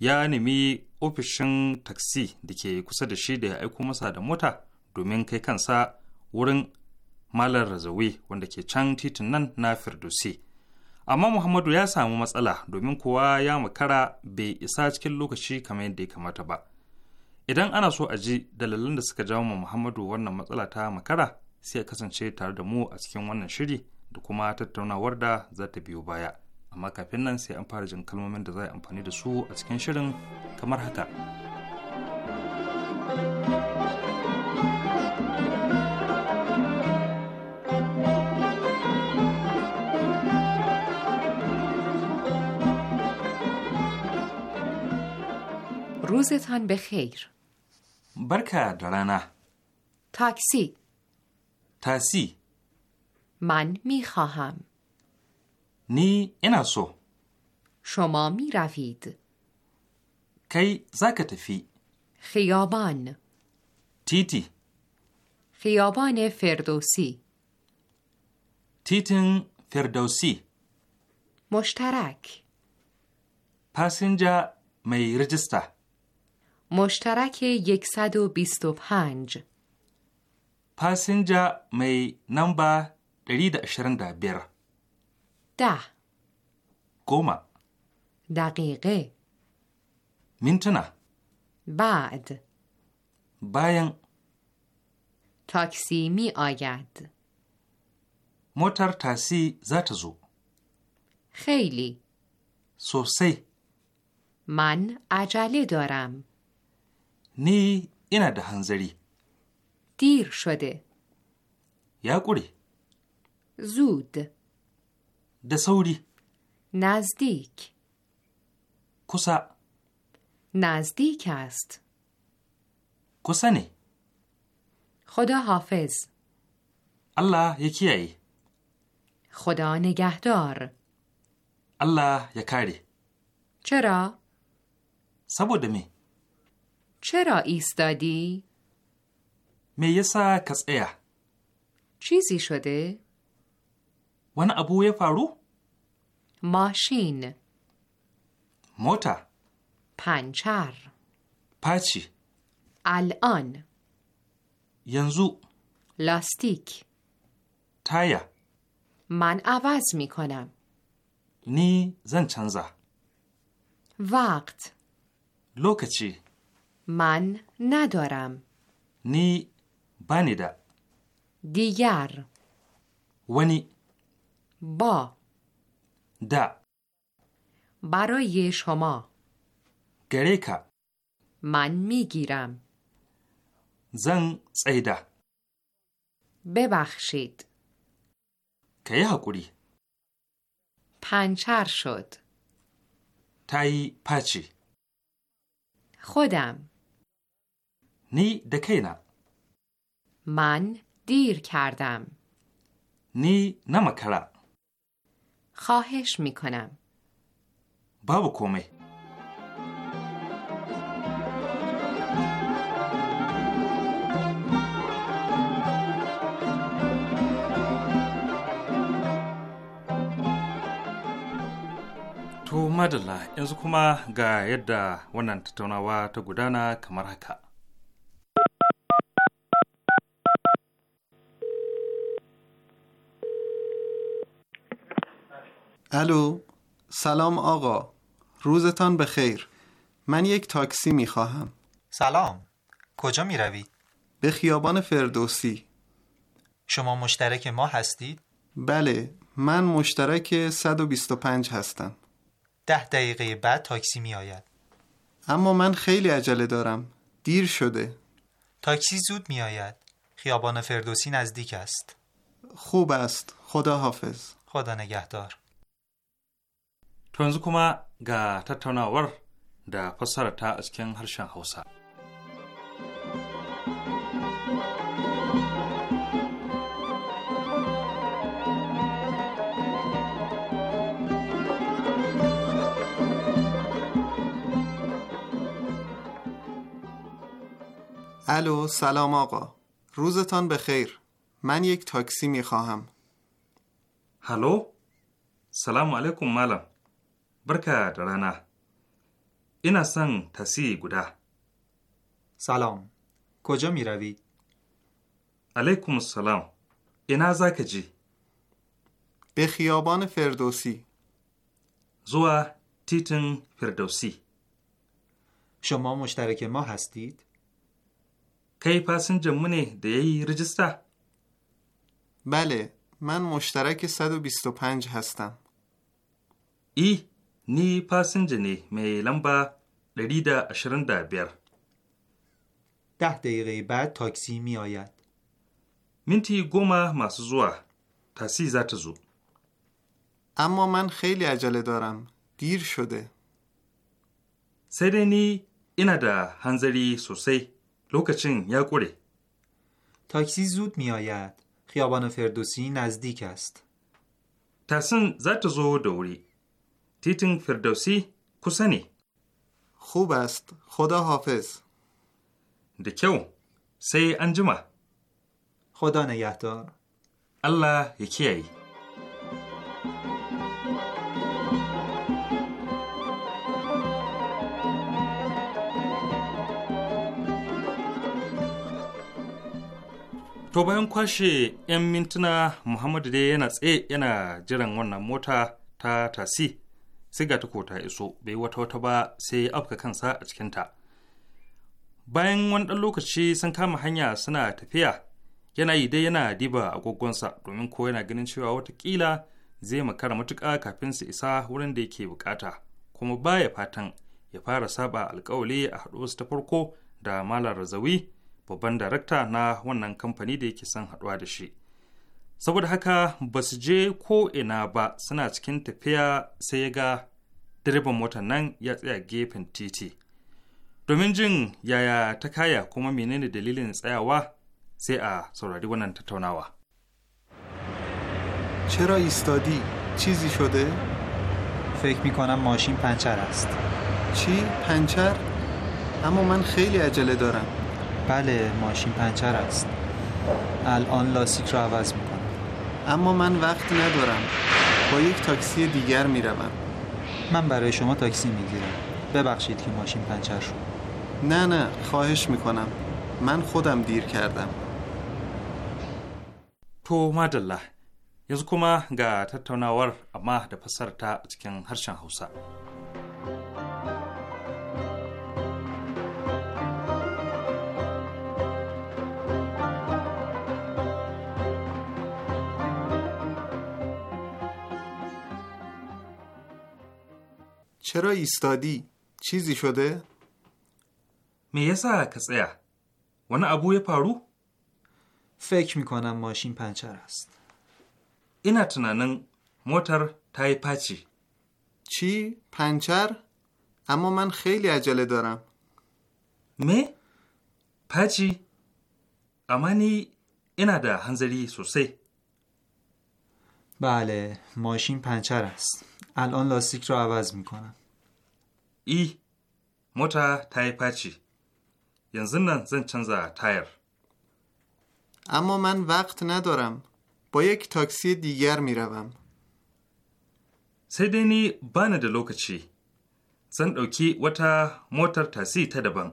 ya nemi ofishin taksi da ke kusa da shi da ya aiko masa da mota domin kai kansa wurin malar razawi wanda ke can titin nan na firdausi amma muhammadu ya samu matsala domin kowa ya makara bai isa cikin lokaci kamar yadda ya kamata ba idan ana so a ji dalilan da suka jawo ma muhammadu wannan matsala ta makara sai a kasance tare da mu a cikin wannan shiri da kuma tattaunawar da za ta biyo baya amma kafin nan sai an fara jin kalmomin da za a amfani da su a cikin shirin kamar haka. thank you روزتان به خیر برکه درانا تاکسی تاسی من میخواهم نی اناسو شما می روید کی زکت فی خیابان تیتی خیابان فردوسی تیتن فردوسی مشترک پسنجا می رجسته مشترک 125 پاسنجا می نمبر 125 ده گوما دقیقه منتنا بعد باین تاکسی می آید موتر تاسی زات زو خیلی سوسی من عجله دارم نی اینا ده هنزری دیر شده یا گوری زود ده سوری نزدیک کسا نزدیک است کسانی خدا حافظ الله یکی ای خدا نگهدار الله یکاری چرا؟ سبود چرا ایستادی؟ می یسا کس ایا چیزی شده؟ ون ابو فارو؟ ماشین موتا پنچر پچی الان ینزو لاستیک تایا من عوض می کنم نی زن چنزه وقت لوکچی من ندارم نی بانیدا دیگر ونی با دا برای شما گریکا من میگیرم زن سیدا. ببخشید که حقوری پنچر شد تای پچی خودم نی da kaina. من دیر کردم. نی نمکرا. خواهش میکنم کنم. بابو کومه. To madalla yanzu kuma ga yadda wannan tattaunawa ta gudana kamar haka. الو سلام آقا روزتان به خیر، من یک تاکسی می خواهم سلام کجا می به خیابان فردوسی شما مشترک ما هستید؟ بله من مشترک 125 هستم ده دقیقه بعد تاکسی می آید اما من خیلی عجله دارم دیر شده تاکسی زود می آید خیابان فردوسی نزدیک است خوب است خدا حافظ خدا نگهدار To yanzu kuma ga tattaunawar da fassara ta a cikin harshen Hausa. الو سلام آقا روزتان بخیر من یک تاکسی می خواهم هلو سلام علیکم ملم برکه در رانه این سن تسی گوده سلام کجا می علیکم السلام اینا زکجی به خیابان فردوسی زوا تیتن فردوسی شما مشترک ما هستید؟ کی جمونه دیگه دی رجسته؟ بله من مشترک 125 هستم ای نی پاسنجه نه می لمبا 125 ده دقیقه بعد تاکسی می آید منتی گوما ماسو زوا تاسی زات زو اما من خیلی عجله دارم دیر شده سرنی اینا دا هنزری سوسی لوکچین یا گوره تاکسی زود می آید خیابان فردوسی نزدیک است تاسن زات زو دوری titin firdausi kusa ne. خوب است. خدا da kyau sai an jima. خدا نگهدار. Allah ya kiyaye. To bayan kwashe 'yan mintuna Muhammadu dai yana tsaye yana jiran wannan mota ta tasi sai ga kota ta iso bai wata wata ba sai ya afka kansa a cikinta bayan wani ɗan lokaci sun kama hanya suna tafiya yana yi dai yana diba agogonsa domin ko yana ganin cewa watakila zai makara matuƙa kafin su isa wurin da yake bukata kuma baya fatan ya fara saba alkawali a haɗuwarsu ta farko da malar zawi babban darakta na wannan kamfani da yake son haɗuwa da shi saboda haka ba su je ko ina ba suna cikin tafiya sai ya ga direban motar nan ya tsaya gefen titi domin jin yaya ta kaya kuma menene dalilin tsayawa sai a saurari wannan tattaunawa چرا istadi chizi shode فکر می mashin ماشین ast است چی؟ amma man من ajale daram bale mashin ماشین ast است الان لاستیک را عوض می اما من وقت ندارم با یک تاکسی دیگر میروم من برای شما تاکسی میگیرم ببخشید که ماشین پنچر شد نه نه خواهش میکنم من خودم دیر کردم تو مدله yanzu گا ga اما اما پسر تا اتکن هرشن Hausa. چرا ایستادی؟ چیزی شده؟ میسا کسیا ونه ابوی پارو؟ فکر میکنم ماشین پنچر است اینا اتنانن موتر تای پچی چی؟ پنچر؟ اما من خیلی عجله دارم می؟ پچی؟ اما نی اینا ده هنزری سوسی بله ماشین پنچر است الان لاستیک رو عوض میکنم ای موتا تای پچی ینزن زن چنزا تایر اما من وقت ندارم با یک تاکسی دیگر میروم سیدنی بانه ده لوکچی زن اوکی وتا موتر تاسی تدبن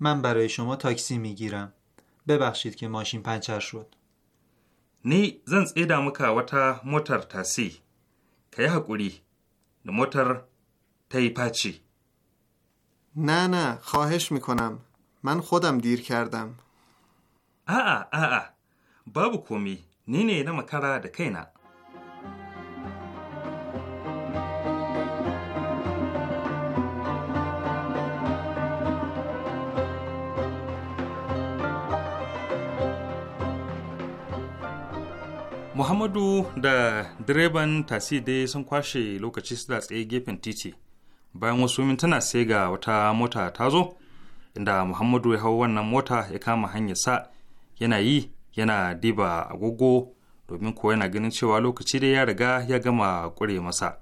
من برای شما تاکسی میگیرم ببخشید که ماشین پنچر شد نی زن ایدامکا وطا وتا موتر تاسی ka yi hakuri da motar ta yi face. Na na, خواهش میکنم من خودم دیر کردم. A'a, a'a, babu komi, ni ne na makara da kaina. muhammadu da direban tasi dai sun kwashe lokaci suna tsaye gefen titi bayan wasu mintuna sai ga wata mota ta zo inda muhammadu ya hau wannan mota ya kama hanyarsa yana yi yana diba agogo domin kuwa yana ganin cewa lokaci dai ya riga ya gama kure masa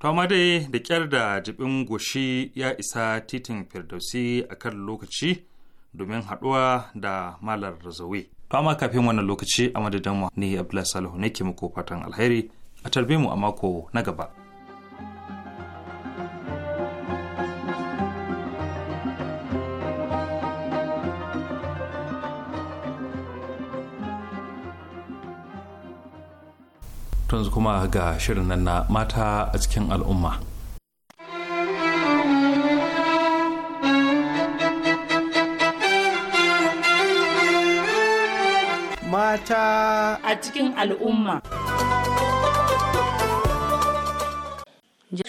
to amma dai da kyar da jibin goshi ya isa titin firdausi a kan lokaci domin haɗuwa da malar zawe To amma kafin wannan lokaci a madadin mu ne Abdullahi Salihu nake muku fatan alheri a tarbe mu a mako na gaba. Tunzu kuma ga shirin nan na mata a cikin al'umma. ta a cikin al'umma.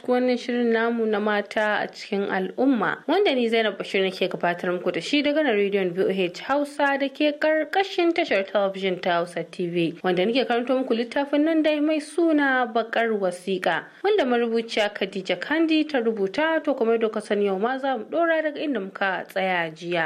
wannan shirin namu na mata a cikin al'umma wanda ni zainab bashir ke gabatar muku da shi daga na rediyon boh hausa da ke karkashin tashar talabijin ta hausa tv wanda nake karanto muku littafin nan dai mai suna bakar wasiƙa wanda marubuciya khadija kandi ta rubuta to kuma doka sani yau ma za mu dora daga inda muka tsaya jiya.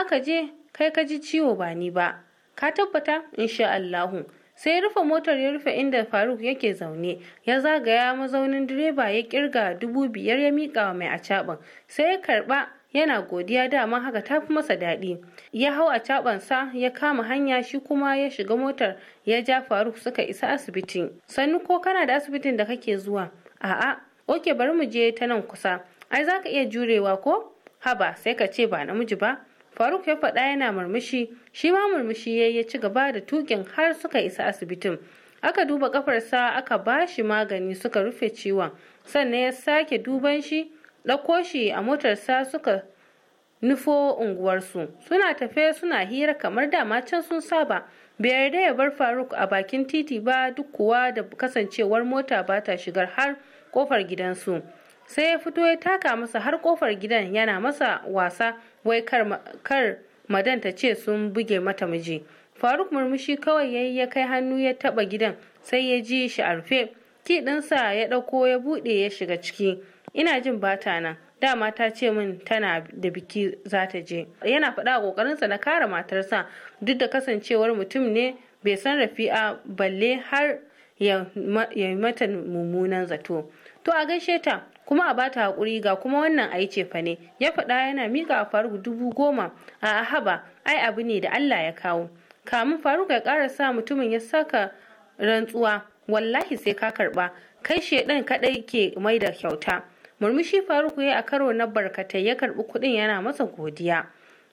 aka je kai ka ji ciwo ba ni ba ka tabbata insha Allahu sai rufe motar ya rufe inda faruk yake zaune ya zagaya mazaunin direba ya kirga dubu biyar ya mika wa mai acaɓan sai ya karɓa yana godiya dama haka ta fi masa daɗi ya hau acaɓansa ya kama hanya shi kuma ya shiga motar ya ja faruk suka isa asibiti sannu ko kana da asibitin da kake zuwa a'a oke bari mu je ta nan kusa ai zaka iya jurewa ko haba sai ka ce ba namiji ba faruk ya faɗa yana murmushi shi ma murmushi ya ya ci gaba da tukin har suka isa asibitin aka duba kafarsa aka ba shi magani suka rufe ciwon sannan ya sake duban shi ɗauko shi a motarsa suka nufo unguwarsu suna tafe suna hira kamar dama can sun saba bai yarda ya bar faruk a bakin titi ba duk kuwa da kasancewar mota ba ta shigar har kofar gidansu sai ya fito ya taka masa har kofar gidan yana masa wasa wai kar madan ta ce sun buge mata miji faruk murmushi kawai ya yi ya kai hannu ya taba gidan sai ya ji shi a rufe ki ɗinsa ya ɗauko ya buɗe ya shiga ciki ina jin bata nan dama ta ce min tana da biki za ta je yana faɗa ƙoƙarinsa na kare matarsa duk da kasancewar mutum ne bai san rafi'a balle har ya mata mummunan zato to a gaishe ta kuma a bata hakuri ga kuma wannan aice fa ne ya faɗa yana miƙa faruk dubu goma a haba ai abu ne da allah ya kawo kamun faruk ya ƙara sa mutumin ya saka rantsuwa wallahi sai ka karɓa kai shedan kaɗai ke mai da kyauta murmushi faruk ya a karo na barkatai ya karɓi kuɗin yana masa godiya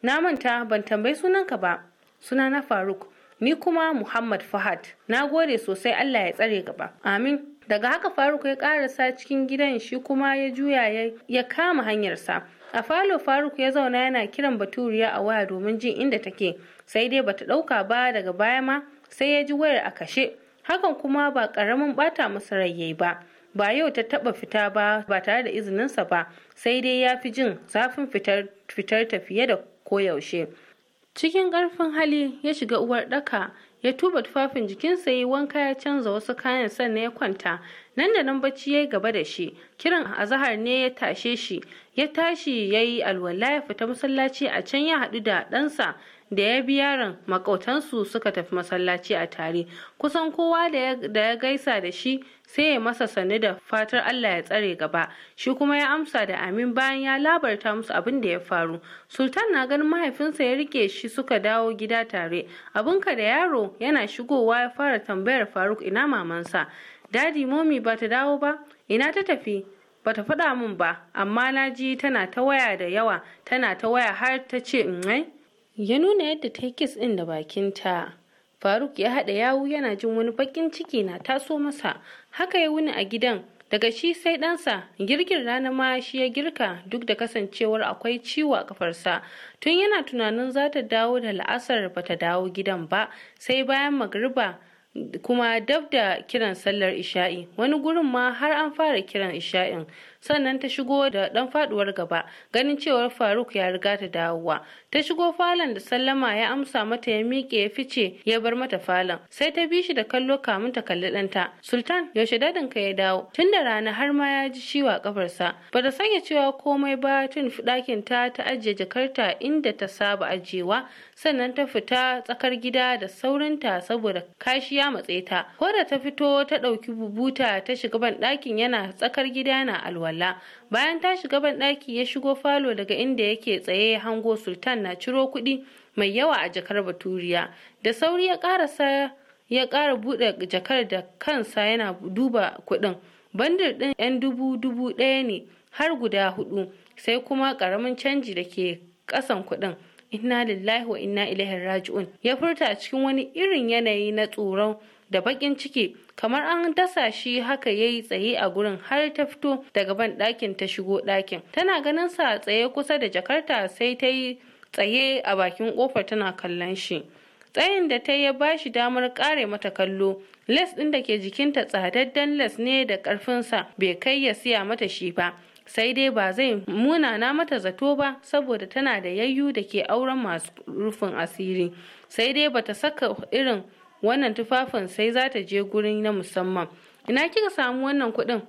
na manta ban tambayi sunanka ba suna na faruk ni kuma muhammad fahad na gode sosai allah ya tsare gaba amin daga haka faruk ya karasa cikin gidan shi kuma ya juya ya kama hanyarsa a falo faruk ya zauna yana kiran baturiya a waya domin jin inda take sai dai bata dauka ba daga baya ma sai ya ji wayar a kashe hakan kuma ba karamin bata masa rai yayi ba ba yau ta taba fita ba ba tare da izininsa ba sai dai ya fi jin zafin fitar fitar ta fiye da koyaushe cikin karfin hali ya shiga uwar daka ya tuba tufafin jikinsa ya yi wanka ya canza wasu kayan sannan ya kwanta nan da nan bacci ya yi gaba da shi kiran azahar ne ya tashe shi ya tashi ya yi alwala ya fita masallaci a can ya haɗu da ɗansa da ya bi yaron makautansu suka tafi masallaci a tare kusan kowa da ya gaisa da shi sai ya masa sannu da fatar Allah ya tsare gaba shi kuma ya amsa da amin bayan ya labarta musu abin da ya faru sultan na ganin mahaifinsa ya rike shi suka dawo gida tare abinka da yaro yana shigowa ya fara tambayar faruk ina mamansa dadi momi ba ta dawo ba ina ta tafi bata faɗa min ba amma na ji tana ta waya da yawa tana ta waya har ta ce in ya nuna yadda ta yi kis ɗin da bakinta faruk ya haɗa yawu yana jin wani baƙin ciki na taso masa haka ya wuni a gidan daga shi sai ɗansa girgin rana ma shi ya girka duk da kasancewar akwai ciwo a kafarsa tun yana tunanin za ta dawo da la'asar bata dawo gidan ba sai bayan magariba. kuma dab da kiran sallar isha'i wani gurin ma har an fara kiran isha'in sannan ta shigo da dan faduwar gaba ganin cewar faruk ya riga ta dawowa ta shigo falon da sallama ya amsa mata ya miƙe ya fice ya bar mata falon sai ta bi shi da kallo kamun ta kalli ɗanta sultan yaushe dadin ka ya dawo tun da rana har ma ya ji ciwo a kafarsa ba ta sanya cewa komai ba tun ɗakin ta ta ajiye jakarta inda ta saba ajiyewa sannan ta fita tsakar gida da saurinta saboda kashiya matse ta ko da ta fito ta ɗauki bubuta ta shiga ban ɗakin yana tsakar gida na alwala alwala bayan ta shiga banɗaki ya shigo falo daga inda yake tsaye hango sultan na ciro kuɗi mai yawa a jakar baturiya da sauri ya ƙarasa ya ƙara buɗe jakar da kansa yana duba kuɗin bandir ɗin 'yan dubu dubu ɗaya ne har guda hudu sai kuma karamin canji da ke ƙasan kuɗin inna lillahi wa inna ilaihi raji'un ya furta cikin wani irin yanayi na tsoron da baƙin ciki kamar an dasa shi haka ya yi tsaye a gurin har ta fito daga ban ɗakin ta shigo ɗakin tana ganin sa tsaye kusa da jakarta sai ta yi tsaye a bakin kofar tana kallon shi tsayin da ta ya ba shi damar kare mata kallo les ɗin da ke jikinta tsadadden les ne da ƙarfinsa bai kai ya siya mata shi ba sai dai ba zai munana mata zato ba saboda tana da yayyu da ke auren masu rufin asiri sai dai bata saka irin wannan tufafin sai za ta je gurin na musamman ina kika samu wannan kuɗin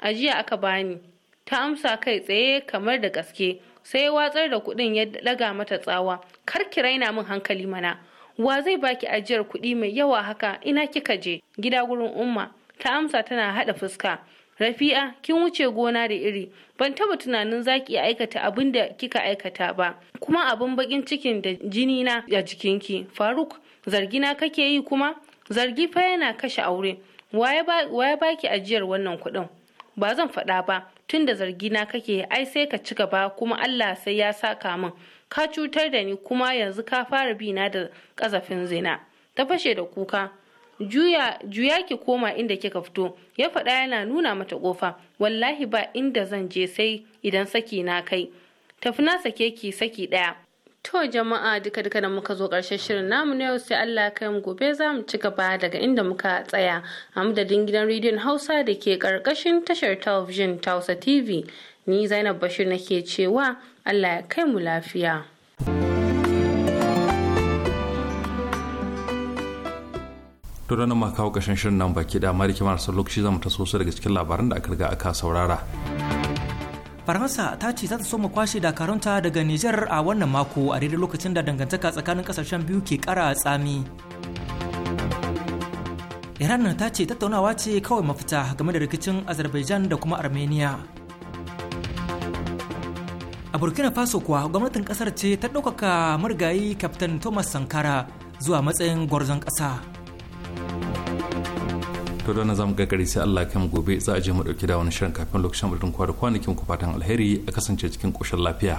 ajiya aka bani ta amsa kai tsaye kamar da gaske sai watsar da kuɗin ya daga mata tsawa kar ki raina min hankali mana wa zai baki ajiyar kuɗi mai yawa haka ina kika je gida gurin umma ta amsa tana haɗa fuska Rafi'a kin wuce gona da iri ban taba tunanin zaki iya aikata abin da kika aikata ba kuma abin bakin cikin da jini na a jikinki Faruk zargi na kake yi kuma zargi fa yana kashe aure waye baki ajiyar wannan kudin? ba zan faɗa ba tun da na kake ai sai ka ci gaba kuma allah sai ya saka min ka cutar da ni kuma yanzu ka fara bi na da ƙazafin zina ta fashe da kuka juya juya ki koma inda kika fito ya faɗa yana nuna mata ƙofa wallahi ba inda zan je sai idan saki na kai tafi na sake ki saki ɗaya To jama'a duka duka da muka zo ƙarshen shirin namu na yau sai Allah kai mu gobe za mu ci gaba daga inda muka tsaya a madadin gidan rediyon Hausa da ke karkashin tashar talabijin Tausa TV. Ni Zainab Bashir nake cewa Allah ya kai mu lafiya. to da ma kawo kashin shirin nan baki da amma da lokaci zamu taso su daga cikin labaran da aka riga aka saurara. faransa ta ce za ta soma kwashe dakarunta daga nijar a wannan mako a daidai lokacin da dangantaka tsakanin kasashen biyu ke kara tsami iran ta ce tattaunawa ce kawai mafita game da rikicin azerbaijan da kuma armenia a burkina faso kuwa gwamnatin kasar ce ta ɗaukaka marigayi captain thomas sankara zuwa matsayin gwarzon ƙasa to da zamu gagari sai Allah mu gobe za a je mu dauki da wani shirin kafin lokacin mutum kwa da kwanakin ku fatan alheri a kasance cikin koshin lafiya